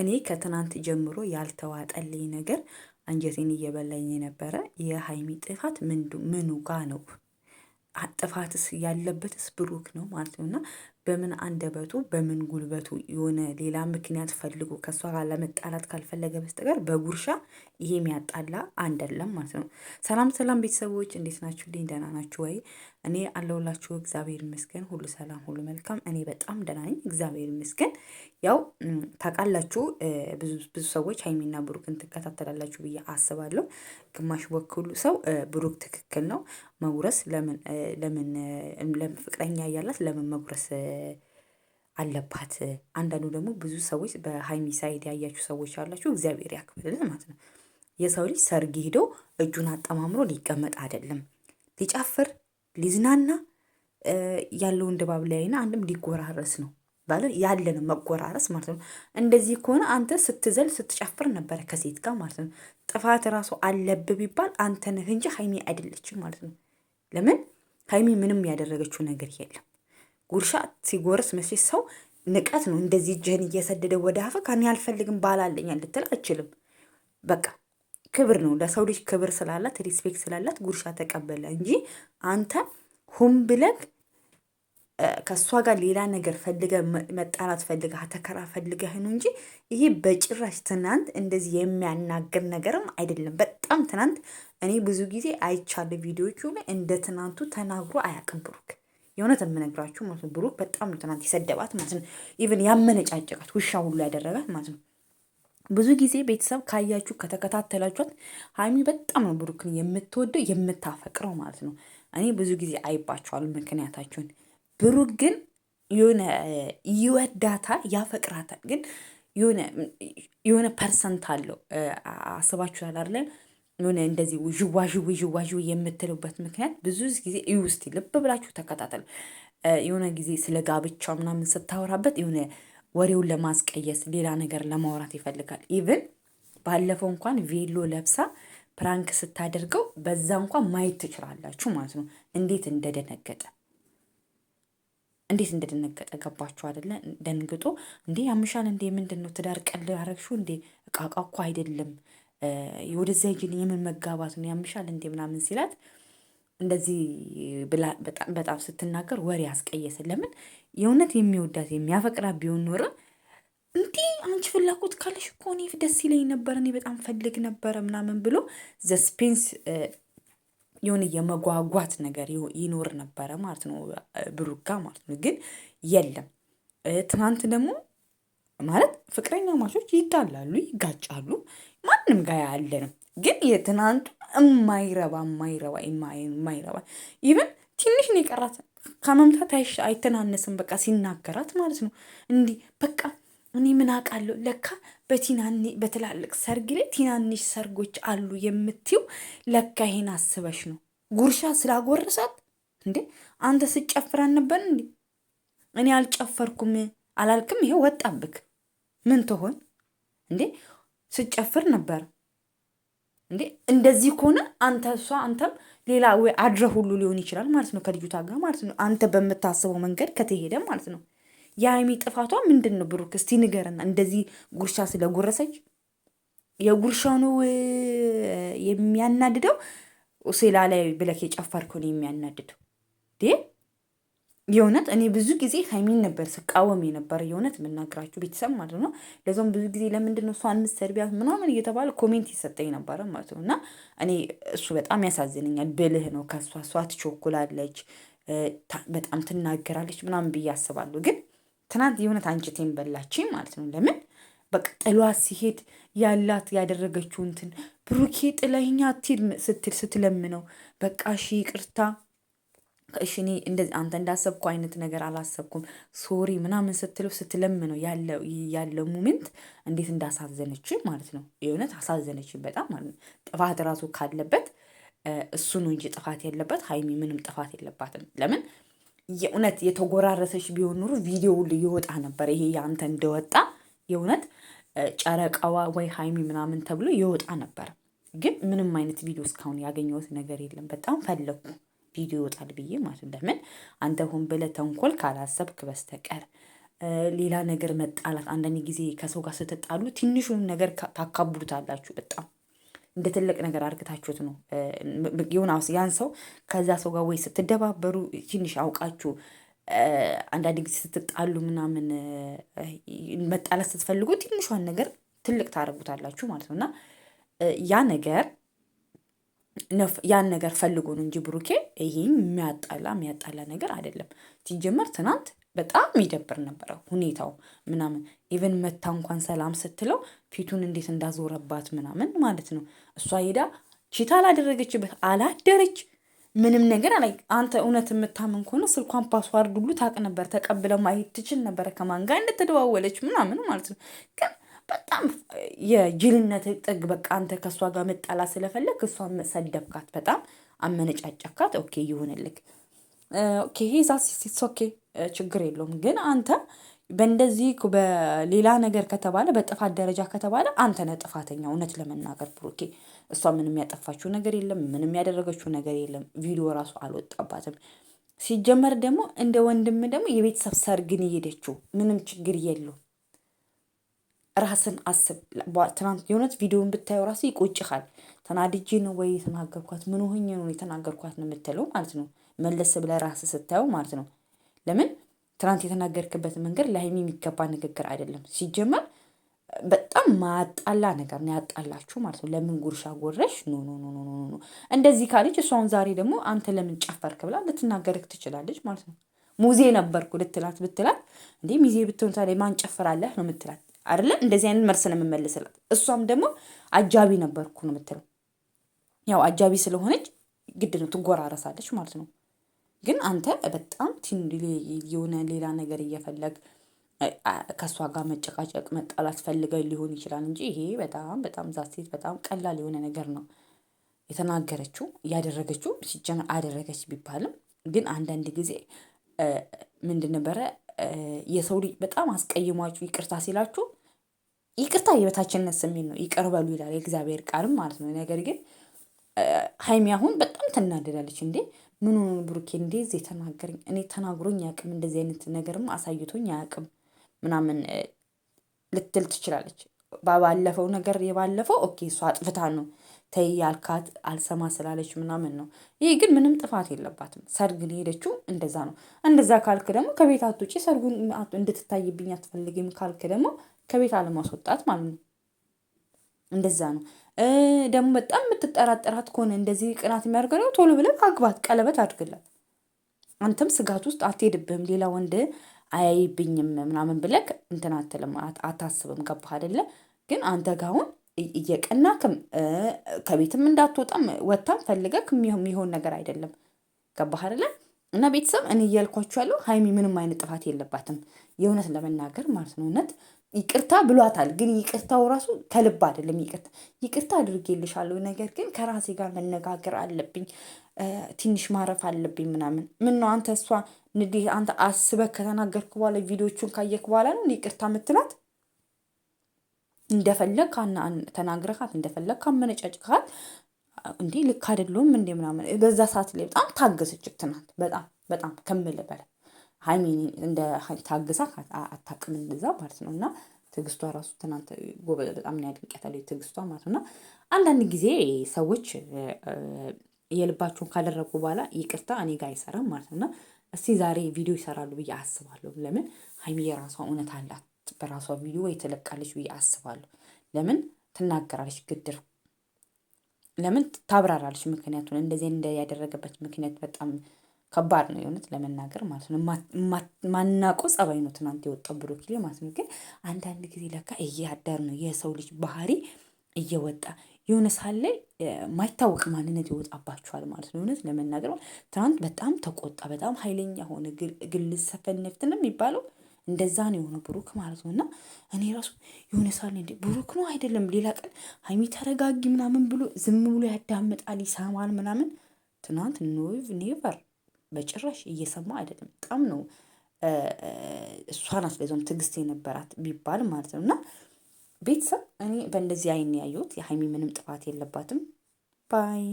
እኔ ከትናንት ጀምሮ ያልተዋጠልኝ ነገር አንጀቴን እየበላኝ የነበረ የሀይሚ ጥፋት ምኑ ጋ ነው? ጥፋትስ ያለበትስ ብሩክ ነው ማለት ነው። እና በምን አንደበቱ በምን ጉልበቱ የሆነ ሌላ ምክንያት ፈልጎ ከእሷ ጋር ለመጣላት ካልፈለገ በስተቀር በጉርሻ ይሄ የሚያጣላ አንደለም ማለት ነው። ሰላም ሰላም ቤተሰቦች እንዴት ናችሁ? ልኝ ደህና ናችሁ ወይ? እኔ አለሁላችሁ እግዚአብሔር ይመስገን፣ ሁሉ ሰላም፣ ሁሉ መልካም። እኔ በጣም ደህና ነኝ እግዚአብሔር ይመስገን። ያው ታውቃላችሁ፣ ብዙ ሰዎች ሀይሚና ብሩክን ትከታተላላችሁ ብዬ አስባለሁ። ግማሽ በኩሉ ሰው ብሩክ ትክክል ነው፣ መውረስ ለምን ፍቅረኛ እያላት ለምን መጉረስ አለባት? አንዳንዱ ደግሞ ብዙ ሰዎች በሀይሚ ሳይድ ያያችሁ ሰዎች አላችሁ፣ እግዚአብሔር ያክብልን ማለት ነው። የሰው ልጅ ሰርግ ሄዶ እጁን አጠማምሮ ሊቀመጥ አይደለም፣ ሊጨፍር ሊዝናና ያለውን ድባብ አይና አንድም ሊጎራረስ ነው ባለን ያለን መጎራረስ ማለት ነው። እንደዚህ ከሆነ አንተ ስትዘል ስትጨፍር ነበረ ከሴት ጋር ማለት ነው። ጥፋት ራሱ አለብ ቢባል አንተ ነህ እንጂ ሀይሚ አይደለችም ማለት ነው። ለምን ሀይሚ ምንም ያደረገችው ነገር የለም። ጉርሻ ሲጎርስ መቼ ሰው ንቀት ነው። እንደዚህ እጅህን እየሰደደ ወደ አፈ ከኔ አልፈልግም ባላለኝ ልትል አችልም። በቃ ክብር ነው ለሰው ልጅ ክብር ስላላት ሪስፔክት ስላላት ጉርሻ ተቀበለ እንጂ አንተ ሁም ብለግ ከእሷ ጋር ሌላ ነገር ፈልገ መጣላት ፈልገ ተከራ ፈልገህ ነው እንጂ ይሄ በጭራሽ ትናንት እንደዚህ የሚያናግር ነገርም አይደለም። በጣም ትናንት እኔ ብዙ ጊዜ አይቻለ ቪዲዮቹ ላይ እንደ ትናንቱ ተናግሮ አያውቅም ብሩክ። የእውነት የምነግራችሁ ማለት ነው ብሩክ በጣም ትናንት የሰደባት ማለት ነው። ኢቨን ያመነጫጨቃት ውሻ ሁሉ ያደረጋት ማለት ነው። ብዙ ጊዜ ቤተሰብ ካያችሁ ከተከታተላችኋት ሀይሚ በጣም ነው ብሩክን የምትወደው የምታፈቅረው ማለት ነው። እኔ ብዙ ጊዜ አይባቸዋል ምክንያታችሁን ብሩክ ግን የሆነ ይወዳታል፣ ያፈቅራታል ግን የሆነ ፐርሰንት አለው። አስባችሁ ያላለን የሆነ እንደዚህ ዥዋዥው ዥዋዥው የምትልበት ምክንያት ብዙ ጊዜ እዩ፣ ልብ ብላችሁ ተከታተሉ። የሆነ ጊዜ ስለ ጋብቻ ምናምን ስታወራበት የሆነ ወሬውን ለማስቀየስ ሌላ ነገር ለማውራት ይፈልጋል። ኢቭን ባለፈው እንኳን ቬሎ ለብሳ ፕራንክ ስታደርገው በዛ እንኳን ማየት ትችላላችሁ ማለት ነው እንዴት እንደደነገጠ እንዴት እንደደነገጠ ገባችሁ አይደለ? ደንግጦ እንዴ ያምሻል እንዴ ምንድን ነው ትዳር ቀል ያረግሹ እንዴ እቃቃ እኮ አይደለም ወደዚያ ጅን የምን መጋባት ነው ያምሻል እንዴ ምናምን ሲላት እንደዚህ በጣም ስትናገር ወሬ ያስቀየሰ። ለምን የእውነት የሚወዳት የሚያፈቅራ ቢሆን ኖረ እንዲህ አንቺ ፍላጎት ካለሽ እኮ እኔ ደስ ይለኝ ነበር እኔ በጣም ፈልግ ነበረ ምናምን ብሎ ዘስፔንስ የሆነ የመጓጓት ነገር ይኖር ነበረ ማለት ነው ብሩክ ማለት ነው። ግን የለም ትናንት ደግሞ ማለት ፍቅረኛ ማቾች ይጣላሉ፣ ይጋጫሉ። ማንም ጋር ነው። ግን የትናንቱ የማይረባ የማይረባ የማይረባ ኢቨን ትንሽ ነው የቀራት ከመምታት አይተናነስም። በቃ ሲናገራት ማለት ነው እንዲህ በቃ እኔ ምን አውቃለሁ። ለካ በትላልቅ ሰርግ ላይ ትናንሽ ሰርጎች አሉ የምትይው ለካ ይሄን አስበሽ ነው። ጉርሻ ስላጎረሳት እንዴ አንተ ስጨፍር ነበር እንዴ? እኔ አልጨፈርኩም አላልክም? ይሄ ወጣብክ ምን ትሆን እንዴ? ስጨፍር ነበር እንዴ? እንደዚህ ከሆነ አንተ እሷ አንተም ሌላ ወይ አድረ ሁሉ ሊሆን ይችላል ማለት ነው። ከልጁታ ጋር ማለት ነው። አንተ በምታስበው መንገድ ከተሄደ ማለት ነው። የሀይሚ ጥፋቷ ምንድን ነው? ብሩክ እስቲ ንገረና። እንደዚህ ጉርሻ ስለጎረሰች የጉርሻኑ የሚያናድደው? ሴላ ላይ ብለክ የጨፈርከው ነው የሚያናድደው? የእውነት እኔ ብዙ ጊዜ ሀይሚን ነበር ስቃወም የነበረ የእውነት የምናገራችሁ ቤተሰብ ማለት ነው። ለዚም ብዙ ጊዜ ለምንድን ነው እሷ አንሰርቢያት ምናምን እየተባለ ኮሜንት ይሰጠኝ ነበረ ማለት ነው። እና እኔ እሱ በጣም ያሳዝነኛል። ብልህ ነው ከሷ። እሷ ትቾኩላለች፣ በጣም ትናገራለች ምናምን ብዬ አስባለሁ ግን ትናንት የእውነት አንጭቴን በላችኝ ማለት ነው። ለምን በቃ ጥሏ ሲሄድ ያላት ያደረገችው እንትን ብሩኬ ጥለኛ አትሂድ ስትል ስትለምነው በቃ እሺ ይቅርታ እሺ እኔ አንተ እንዳሰብኩ አይነት ነገር አላሰብኩም ሶሪ ምናምን ስትለው ስትለምነው ያለው ሙሜንት እንዴት እንዳሳዘነች ማለት ነው። የእውነት አሳዘነች በጣም ማለት ነው። ጥፋት ራሱ ካለበት እሱ ነው እንጂ ጥፋት ያለበት ሀይሚ ምንም ጥፋት የለባትም። ለምን የእውነት የተጎራረሰች ቢሆን ኑሮ ቪዲዮ ሁሉ ይወጣ ነበር። ይሄ ያንተ እንደወጣ የእውነት ጨረቃዋ ወይ ሀይሚ ምናምን ተብሎ ይወጣ ነበር። ግን ምንም አይነት ቪዲዮ እስካሁን ያገኘሁት ነገር የለም። በጣም ፈለግኩ ቪዲዮ ይወጣል ብዬ ማለት ለምን አንተ ሆን ብለህ ተንኮል ካላሰብክ በስተቀር ሌላ ነገር መጣላት። አንዳንድ ጊዜ ከሰው ጋር ስትጣሉ ትንሹን ነገር ታካብዱታላችሁ በጣም እንደ ትልቅ ነገር አድርግታችሁት ነው ይሁን ያን ሰው ከዛ ሰው ጋር ወይ ስትደባበሩ ትንሽ አውቃችሁ አንዳንድ ጊዜ ስትጣሉ ምናምን መጣላት ስትፈልጉ ትንሿን ነገር ትልቅ ታደርጉታላችሁ ማለት ነው። እና ያ ነገር ያን ነገር ፈልጎ ነው እንጂ ብሩኬ ይሄ የሚያጣላ የሚያጣላ ነገር አይደለም። ሲጀመር ትናንት በጣም ይደብር ነበረ ሁኔታው ምናምን ኢቨን መታ እንኳን ሰላም ስትለው ፊቱን እንዴት እንዳዞረባት ምናምን ማለት ነው። እሷ ሄዳ ቺታ አላደረገችበት አላደረች ምንም ነገር አላይ። አንተ እውነት የምታምን ከሆነ ስልኳን ፓስዋርድ ሁሉ ታቅ ነበር ተቀብለ ማየት ትችል ነበረ፣ ከማን ጋር እንደተደዋወለች ምናምን ማለት ነው። ግን በጣም የጅልነት ጥግ በቃ አንተ ከእሷ ጋር መጣላ ስለፈለግ እሷ ሰደብካት፣ በጣም አመነጫጨካት። ኦኬ ይሁንልክ። ኦኬ ሄዛ ሲስ ኦኬ ችግር የለውም። ግን አንተ በእንደዚህ በሌላ ነገር ከተባለ በጥፋት ደረጃ ከተባለ አንተ ነህ ጥፋተኛ። እውነት ለመናገር ብሩኬ፣ እሷ ምንም ያጠፋችው ነገር የለም፣ ምንም ያደረገችው ነገር የለም። ቪዲዮ ራሱ አልወጣባትም። ሲጀመር ደግሞ እንደ ወንድም ደግሞ የቤተሰብ ሰርግን እየሄደችው ምንም ችግር የለው። ራስን አስብ። ትናንት የእውነት ቪዲዮን ብታየው ራሱ ይቆጭሃል። ተናድጄ ነው ወይ የተናገርኳት? ምን ሆኜ ነው የተናገርኳት ነው የምትለው ማለት ነው። መለስ ብለህ ራስ ስታየው ማለት ነው። ለምን ትናንት የተናገርክበት መንገድ ለሀይሚ የሚገባ ንግግር አይደለም። ሲጀመር በጣም ማጣላ ነገር ነው ያጣላችሁ ማለት ነው። ለምን ጉርሻ ጎረሽ? ኖ ኖ ኖ ኖ ኖ። እንደዚህ ካለች እሷን ዛሬ ደግሞ አንተ ለምን ጨፈርክ ብላ ልትናገርክ ትችላለች ማለት ነው። ሙዜ ነበርኩ ልትላት ብትላት እንዴ ሚዜ ብትሆን ታዲያ ማን ጨፍራለህ ነው ምትላት አይደለ? እንደዚህ አይነት መልስ ነው የምመልስላት። እሷም ደግሞ አጃቢ ነበርኩ ነው ምትለው። ያው አጃቢ ስለሆነች ግድ ነው ትጎራረሳለች ማለት ነው። ግን አንተ በጣም የሆነ ሌላ ነገር እየፈለግ ከእሷ ጋር መጨቃጨቅ መጣላት ፈልገህ ሊሆን ይችላል እንጂ ይሄ በጣም በጣም ዛሴት በጣም ቀላል የሆነ ነገር ነው። የተናገረችው ያደረገችው ሲጀመር አደረገች ቢባልም ግን አንዳንድ ጊዜ ምንድን ነበረ የሰው ልጅ በጣም አስቀይሟችሁ ይቅርታ ሲላችሁ ይቅርታ የበታችነት ስሜት ነው ይቀርበሉ ይላል የእግዚአብሔር ቃልም ማለት ነው። ነገር ግን ሀይሚ አሁን በጣም ትናደዳለች እንዴ ምን ሆኖ ብሩኬ እንደዚህ የተናገረኝ? እኔ ተናግሮኝ አያውቅም፣ እንደዚህ አይነት ነገርም አሳይቶኝ አያውቅም ምናምን ልትል ትችላለች። ባለፈው ነገር የባለፈው ኦኬ እሷ አጥፍታ ነው ተይ ያልካት አልሰማ ስላለች ምናምን ነው። ይህ ግን ምንም ጥፋት የለባትም። ሰርግን የሄደችው እንደዛ ነው። እንደዛ ካልክ ደግሞ ከቤት አትውጪ፣ ሰርጉን እንድትታይብኝ አትፈልግም ካልክ ደግሞ ከቤት አለማስወጣት ማለት ነው። እንደዛ ነው። ደግሞ በጣም የምትጠራጠራት ከሆነ እንደዚህ ቅናት የሚያደርገው ቶሎ ብለህ አግባት፣ ቀለበት አድርግላት። አንተም ስጋት ውስጥ አትሄድብህም። ሌላ ወንድ አያይብኝም ምናምን ብለህ እንትን አትልም፣ አታስብም። ገባህ አይደለ? ግን አንተ ጋር አሁን እየቀናክም ከቤትም እንዳትወጣም ወታም ፈልገክ የሚሆን ነገር አይደለም። ገባህ አይደለ? እና ቤተሰብ እኔ እያልኳችሁ ያለው ሀይሚ ምንም አይነት ጥፋት የለባትም፣ የእውነት ለመናገር ማለት ነው እውነት ይቅርታ ብሏታል። ግን ይቅርታው ራሱ ከልብ አይደለም። ይቅርታ ይቅርታ አድርጌልሻለሁ፣ ነገር ግን ከራሴ ጋር መነጋገር አለብኝ፣ ትንሽ ማረፍ አለብኝ ምናምን። ምን ነው አንተ እሷ እንዲህ አንተ አስበህ ከተናገርክ በኋላ ቪዲዮቹን ካየክ በኋላ ነው ይቅርታ ምትላት? እንደፈለግ ተናግረካት፣ እንደፈለግ ካመነጫጭካት፣ እንዲህ ልክ አይደለሁም እንዴ ምናምን። በዛ ሰዓት ላይ በጣም ታገሰች ትናንት፣ በጣም በጣም ከምልህ በላይ ሀይሚ እንደ ታግሳ አታቅም እንደዛ ማለት ነው እና ትዕግስቷ ራሱ ትናንት ጎበዝ በጣም ያድንቀታለሁ ትዕግስቷ ማለት ነው እና አንዳንድ ጊዜ ሰዎች የልባቸውን ካደረጉ በኋላ ይቅርታ እኔ ጋር አይሰራም ማለት ነው እና እስቲ ዛሬ ቪዲዮ ይሰራሉ ብዬ አስባለሁ። ለምን ሀይሚ የራሷ እውነት አላት፣ በራሷ ቪዲዮ የተለቃለች ብዬ አስባለሁ። ለምን ትናገራለች፣ ግድር ለምን ታብራራለች፣ ምክንያቱን እንደዚህ እንደ ያደረገበት ምክንያት በጣም ከባድ ነው የእውነት ለመናገር ማለት ነው። ማናቆ ጸባይ ነው ትናንት የወጣው ብሩክ ላይ ማለት ነው። ግን አንዳንድ ጊዜ ለካ እያደር ነው የሰው ልጅ ባህሪ እየወጣ የሆነ ሳለ ማይታወቅ ማንነት ይወጣባቸዋል ማለት ነው። እውነት ለመናገር ትናንት በጣም ተቆጣ፣ በጣም ኃይለኛ ሆነ። ግልጽ ነው የሚባለው እንደዛ ነው የሆነ ብሩክ ማለት ነው። እና እኔ ራሱ የሆነ ሳለ እንደ ብሩክ ነው አይደለም፣ ሌላ ቀን ሀይሚ ተረጋጊ ምናምን ብሎ ዝም ብሎ ያዳምጣል፣ ይሰማል ምናምን። ትናንት ኖቭ ኔቨር በጭራሽ እየሰማ አይደለም። በጣም ነው እሷ ናት ለዛውም ትዕግስት የነበራት ቢባል ማለት ነው። እና ቤተሰብ እኔ በእንደዚህ አይን ያየሁት የሀይሚ ምንም ጥፋት የለባትም ባይ